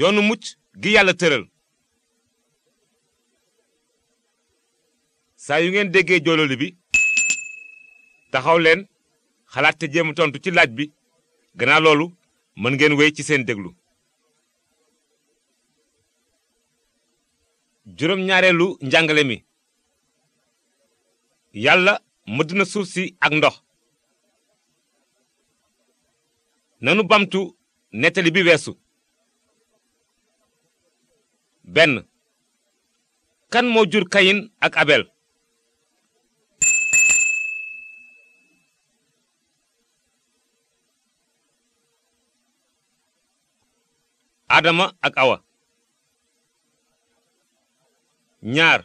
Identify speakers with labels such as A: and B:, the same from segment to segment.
A: yoonu mucc gi yàlla tëral saa yu ngeen déggee joololi bi taxaw leen xalaat te jéem tontu ci laaj bi gannaaw loolu mën ngeen wéy ci seen déglu juróom ñaareelu njàngale mi yàlla mëdd na suuf si ak ndox nanu bamtu nettali bi weesu benn kan moo jur kayin ak abel adama ak awa ñaar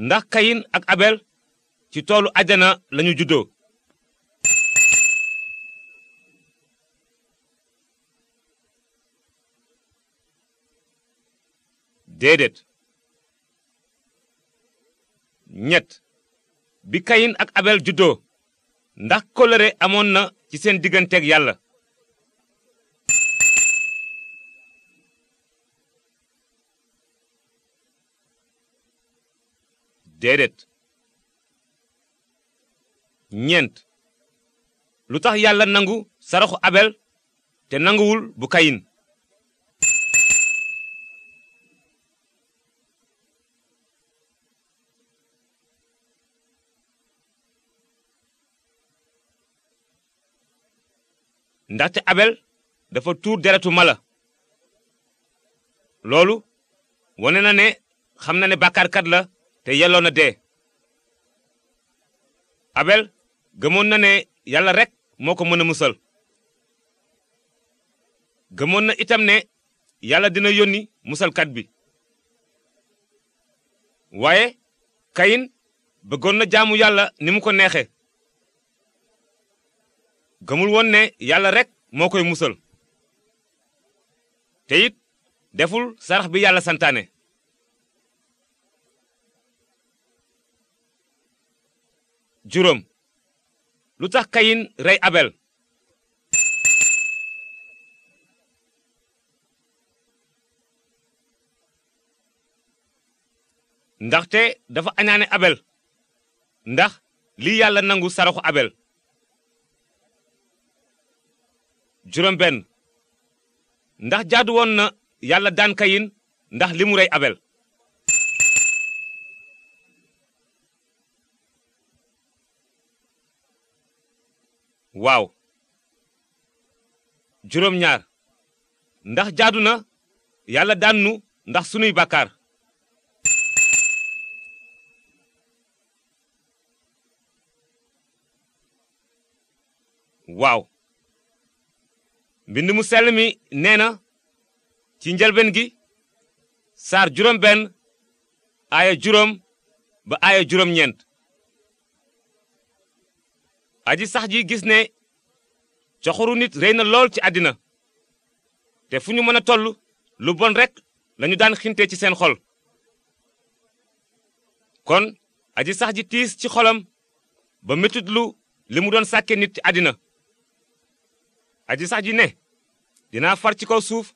A: ndax kayin ak abel ci toolu ajana lañu juddoo déedéet ñett bi kayin ak abel juddoo ndax kóllëre amoon na ci seen digganteek yàlla déedéet ñeent lu tax yàlla nangu saraxu abel te nanguwul bu kayin ndaxte abel dafa tuur deretu mala loolu wone na ne xam na ne bàkkaarkat la te yelloo na dee abel gëmoon na ne yàlla rek moo ko mën a musal gëmoon na itam ne yàlla dina yónni musalkat bi waaye kayin bëggoon na jaamu yàlla ni mu ko neexe gëmul woon ne yàlla rek moo koy musal te it deful sarax bi yàlla santaane juróom lu tax kayin rey abel ndaxte dafa añaane abel ndax lii yàlla nangu saraxu abel juróom ndax jaadu woon na yàlla daan kayin ndax li mu rey abel waaw juróom ñaar ndax jaadu na yàlla daan nu ndax sunuy bàkkaar waaw mbind mu sell mi nee na ci njëlbeen gi saar juróom benn aaya juróom ba aaya juróom ñeent aji sax ji gis ne coxoru nit rëy na lool ci àddina te fu ñu mën a toll lu bon rekk lañu daan xinte ci seen xol kon aji sax ji tiis ci xolam ba metitlu li mu doon sàkke nit ci àddina aji sax ji ne dinaa far ci kaw suuf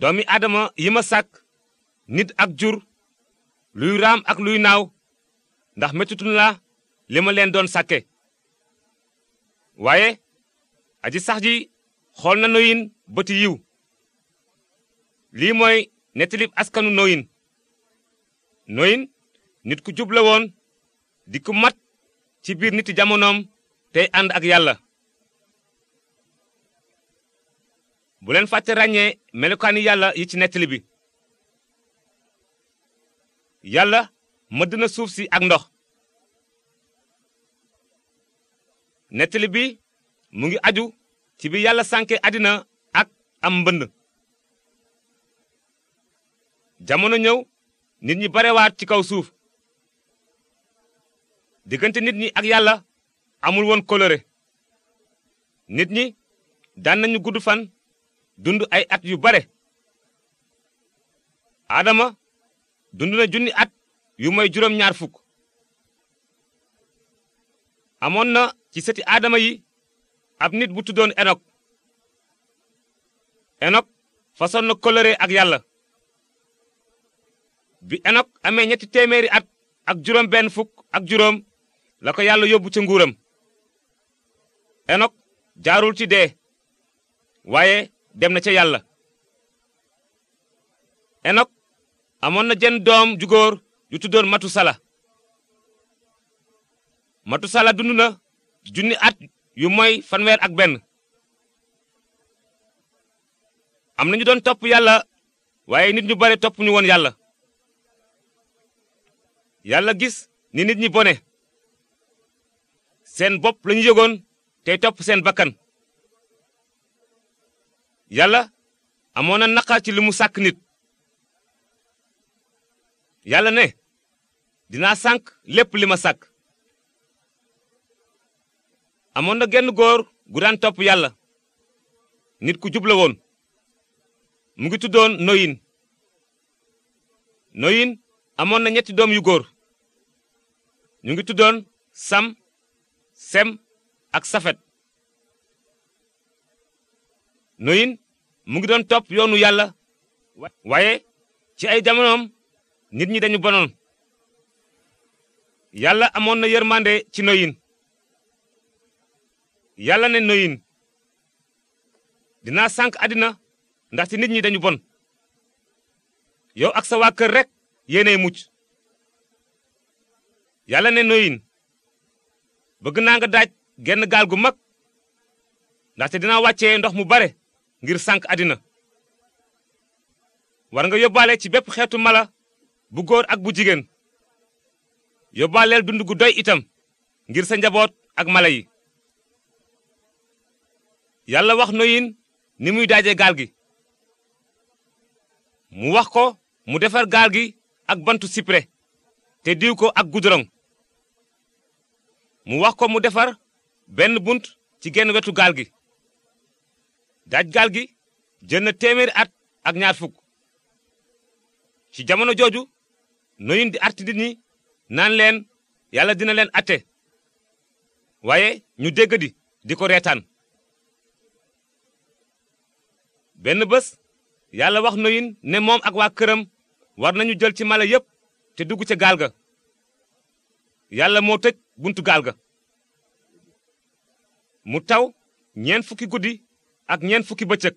A: doomi aadama yi ma sàkk nit ak jur luy raam ak luy naaw ndax mettitu la li ma leen doon sakke waaye aji sax ji xool na noyin bëti yiw lii mooy nettalib askanu noyin noyin nit ku jubla woon di ku mat ci biir niti jamonoom tey ànd ak yàlla bu leen fàtte ràññee melukaani yàlla yi ci nettali bi yàlla mëdd na suuf si ak ndox nettali bi mu ngi aju ci bi yàlla sànke àddina ak am mbënd jamono ñëw nit ñi barewaat ci kaw suuf diggante nit ñi ak yàlla amul woon kóllëre nit ñi daan nañu gudd fan dund ay at yu bare adama dund na junni at yu may juróom ñaar fukk amoon na ci sëti adama yi ab nit bu tuddoon enok enok fasoon na kóllëre ak yàlla bi enok amee ñetti téeméeri at ak juróom benn fukk ak juróom la ko yàlla yóbbu ca nguuram enok jaarul ci dee waaye dem na ca yàlla enok amoon na jenn doom ju góor ju tuddoon matusala matusala dund na junni at yu mooy fanweer ak benn am na ñu doon topp yàlla waaye nit ñu bare topp ñu woon yàlla yàlla gis ni nit ñi bone seen bopp lañu yëgoon tey topp seen bakkan yàlla amoon na naqar ci li mu sàkk nit yàlla ne dinaa sànk lépp li ma sàkk amoon na genn góor gu daan topp yàlla nit ku jubla woon mu ngi tuddoon noyin noyin amoon na ñetti doom yu góor ñu ngi tuddoon sam sem ak safet noyin mu ngi doon topp yoonu yàlla waaye ci ay jamonoom nit ñi dañu bonoon yàlla amoon na yërmande ci noyin yàlla ne noyin dinaa sànq àddina ndax ci nit ñi dañu bon yow ak sa waa kër rek yéenay mucc yàlla ne noyin bëgg naa nga daaj genn gaal gu mag ndaxte dinaa wàcce ndox mu bare ngir sànq àddina war nga yóbbaale ci bépp xeetu mala bu góor ak bu jigéen yóbbaaleel dund gu doy itam ngir sa njaboot ak mala yi yàlla wax noyin ni muy daaje gaal gi mu wax ko mu defar gaal gi ak bantu sipre te diw ko ak goudron mu wax ko mu defar benn bunt ci genn wetu gaal gi dajgal gi jël na téeméeri at ak ñaar fukk ci jamono jooju noyin di arti nit ñi naan leen yàlla dina leen atte waaye ñu déggadi di ko reetaan benn bés yàlla wax noyin ne moom ak waa këram war nañu jël ci mala yépp te dugg ca gaal ga yàlla moo tëj buntu gaal ga mu taw ñeent fukki guddi ak ñeent fukki bëccëg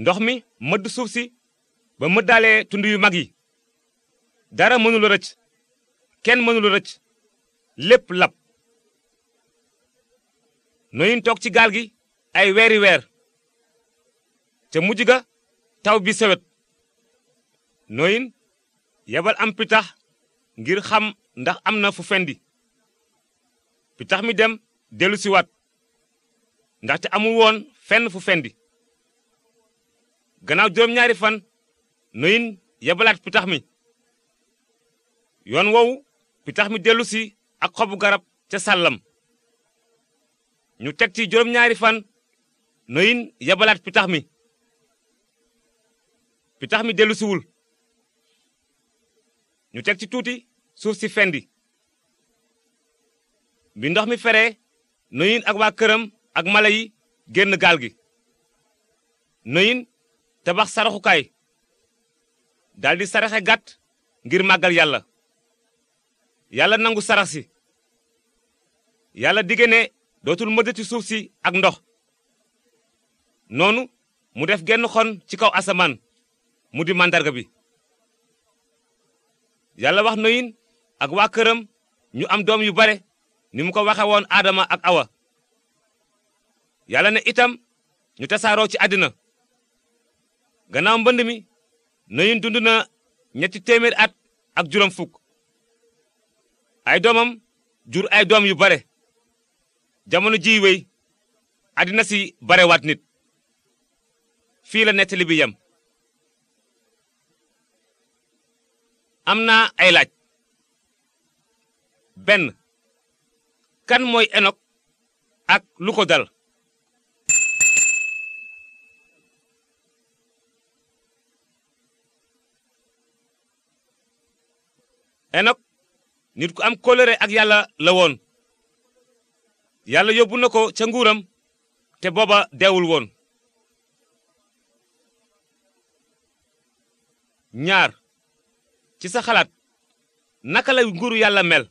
A: ndox mi mëdd suuf si ba mëddaalee tund yu mag yi dara mënula rëcc kenn mënula rëcc lépp lab noyin toog ci gaal gi ay weeri weer ca mujj ga taw bi sewet nooyin yebal am pitax ngir xam ndax am na fu fendi pitax mi dem dellu siwaat ndaxte amul woon fenn fu fendi gannaaw juróom-ñaari fan noyin yebalaat pitax mi yoon woowu pitax mi dellu si ak xobu garab ca sàllam ñu teg ci juróom-ñaari fan noyin yebalaat pitax mi pitax mi dellu ñu teg ci tuuti suuf si fendi bi ndox mi fere noyin ak waa këram ak mala yi génn gaal gi noyin tabax saraxukaay daldi saraxe gàtt ngir màggal yàlla yàlla nangu sarax si yàlla dige ne dootul mëddati suuf si ak ndox noonu mu def genn xon ci kaw asamaan mu di màndarga bi yàlla wax noyin ak waa këram ñu am doom yu bare ni mu ko waxe woon aadama ak awa yàlla ne itam ñu tasaaroo ci àddina gannaaw mbënd mi nayin dund na ñetti téeméer at ak juróom fukk ay doomam jur ay doom yu bare jamono ji wéy àddina si barewaat nit fii la nettali bi yem am na ay laaj benn kan mooy enok ak lu ko enok eh, nit ku am kóllëre ak yàlla la woon yàlla yóbbu na ko ca nguuram te booba deewul woon ñaar ci sa xalaat naka la nguuru yàlla mel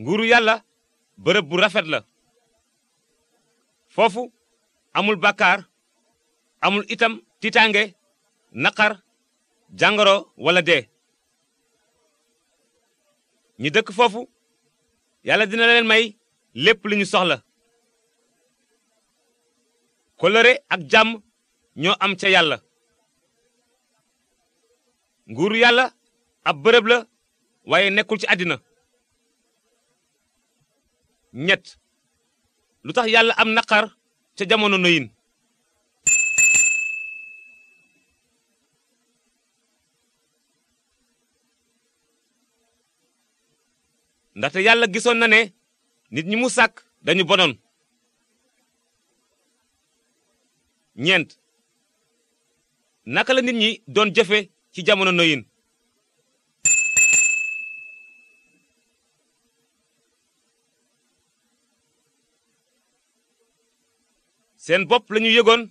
A: nguur yàlla bërëb bu rafet la foofu amul bàkkaar amul itam tiitaange naqar jàngoro walla dee ñi dëkk foofu yàlla dina leen may lépp li ñu soxla kóllëre ak jàmm ñoo am ca yàlla nguur yàlla ab bërëb la waaye nekkul ci àddina ñett lu tax yàlla am naqar ca jamono noyin ndaxte yàlla gisoon na ne nit ñi mu sàkk dañu bonoon ñeent naka la nit ñi doon jëfe ci jamono noyin seen bopp lañu yëgoon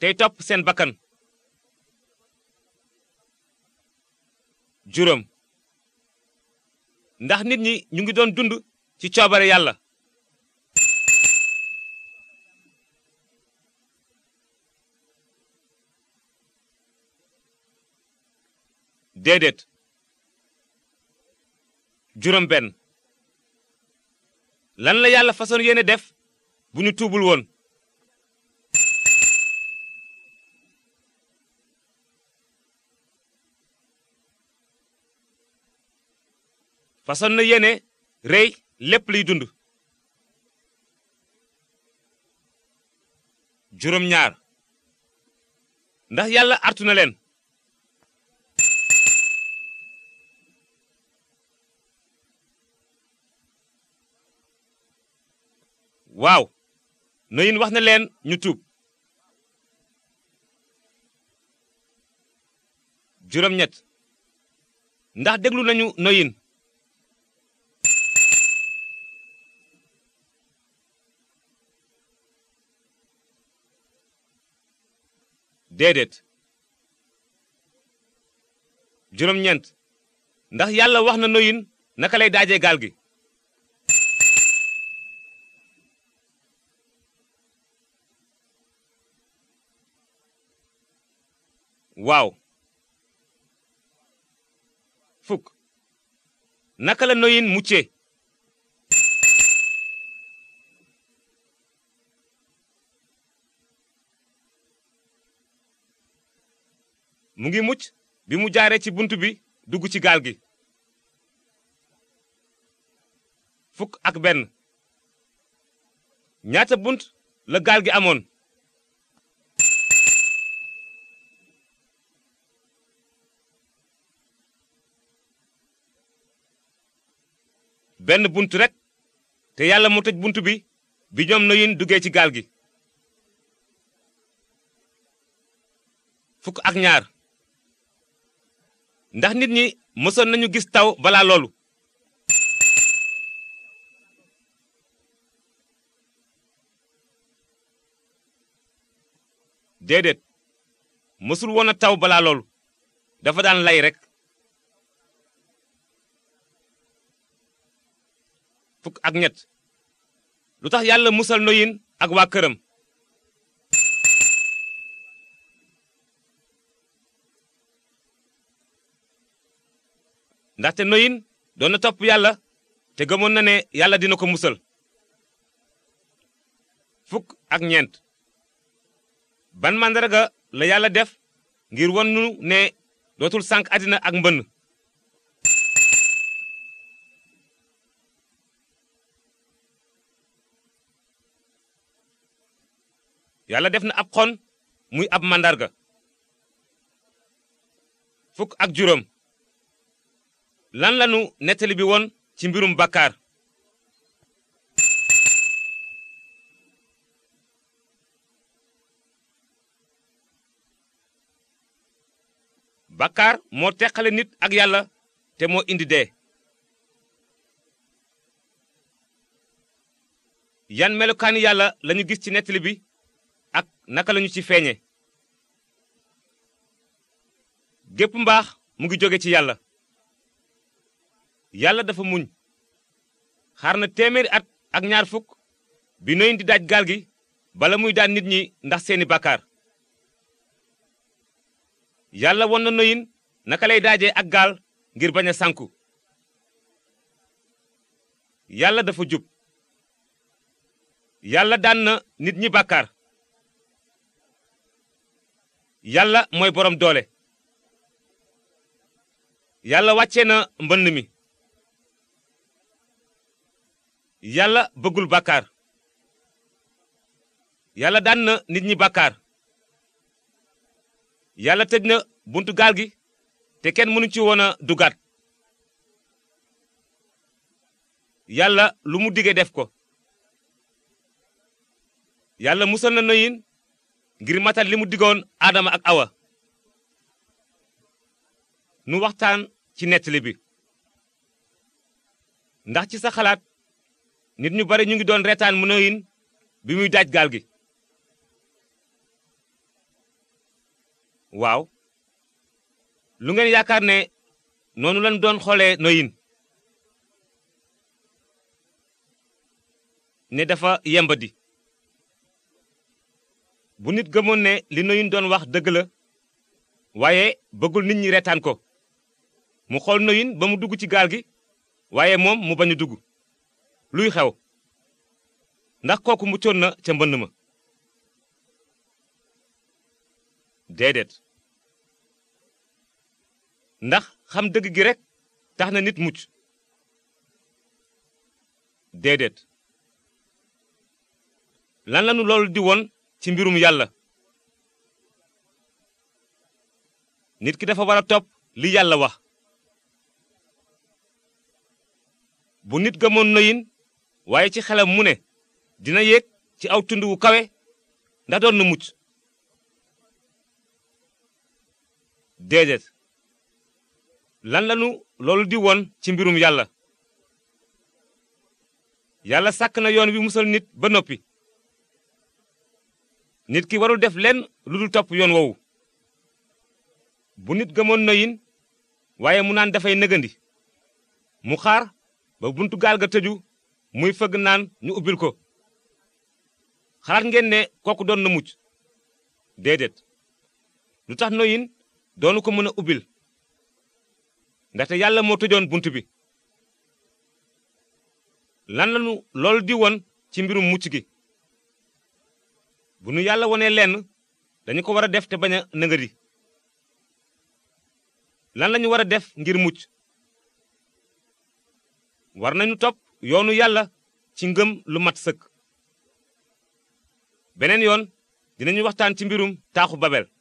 A: tey topp seen bakkan juróom ndax nit ñi ñu ngi doon dund ci coobare yàlla déedéet juróom lan la yàlla façon yéene def bu ñu tuubul woon façon na yéene rey lépp luy dund juróom ñaar ndax yàlla artu leen waaw noyin wax na leen ñu tuub juróom ñett ndax déglu nañu noyin déedéet juróom-ñeent ndax yàlla wax na noyin naka lay daaje gaal gi waaw fukk naka la noyin mucce mu ngi mucc bi mu jaaree ci bunt bi dugg ci gaal gi fukk ak benn ñaata bunt la gaal gi amoon benn bunt rek te yàlla mu tëj bunt bi bi ñoom noyin duggee ci gaal gi fukk ak ñaar ndax nit ñi mësoon nañu gis taw balaa loolu déedéet mësul woon a taw bala loolu dafa daan lay rekk fukk ak ñett lu tax yàlla musal noyin ak waa këram ndaxte noyin doon topp yàlla te gëmoon na ne yàlla dina ko musal fukk ak ñeent ban màndarga la yàlla def ngir won nu ne dootul sànq àddina ak mbënn yàlla def na ab xon muy ab màndarga fukk ak juróom lan lanu nettali bi woon ci mbirum bakkaar bàkkaar moo teqale nit ak yàlla te moo indi dee yan melokaan yàlla lañu gis ci nettali bi ak naka lañu ci feeñe gépp mbaax mu ngi jóge ci yàlla yàlla dafa muñ xaar na téeméeri at ak ñaar fukk bi noyin di daaj gaal gi bala muy daan nit ñi ndax seeni bàkkaar yàlla won na noyin naka lay daaje ak gaal ngir bañ a sànku yàlla dafa jub yàlla daan na nit ñi bàkkaar yàlla mooy boroom doole yàlla wàccee na mbënd mi yàlla bëggul bàkkaar yàlla daan na nit ñi bàkkaar yàlla tëj na buntu gaal gi te kenn mënu ci woon a yàlla lu mu dige def ko yàlla musal na noyin ngir matal li mu digoon aadama ak awa nu waxtaan ci nettali bi ndax ci sa xalaat nit ñu bari ñu ngi doon reetaan mënooyin bi muy daaj gaal gi waaw lu ngeen yaakaar ne noonu lañ doon xoolee noyin ne dafa yembadi bu nit gëmoon ne li noyin doon wax dëgg la waaye bëggul nit ñi reetaan ko mu xool noyin ba mu dugg ci gaal gi waaye moom mu bañ a dugg luy xew ndax kooku muccoon na ca mbënn ma déedéet ndax xam dëgg gi rekk tax na nit mucc déedéet lan lanu loolu di woon ci mbirum yàlla nit ki dafa war a topp li yàlla wax bu nit gëmoon noyin waaye ci xelam mu ne dina yéeg ci aw tund wu kawe ndax doon na mucc déedéet lan lanu loolu di woon ci mbirum yàlla yàlla sàkk na yoon wi musal nit ba noppi nit ki warul def lenn lu dul topp yoon woowu bu nit gëmoon noyin waaye mu naan dafay nëgandi mu xaar ba buntu gaal ga tëju muy fëgg naan ñu ubbil ko xalaat ngeen ne kooku doon na mucc déedéet lu tax noyin doonu ko mën a ubbil ndaxte yàlla moo tëjoon bunt bi lan lañu lool di won ci mbirum mucc gi bu nu yàlla wonee lenn dañu ko war a def te bañ a nëngëri lan lañu war a def ngir mucc war nañu topp yoonu yàlla ci ngëm lu mat sëkk beneen yoon dinañu waxtaan ci mbirum taaxu babel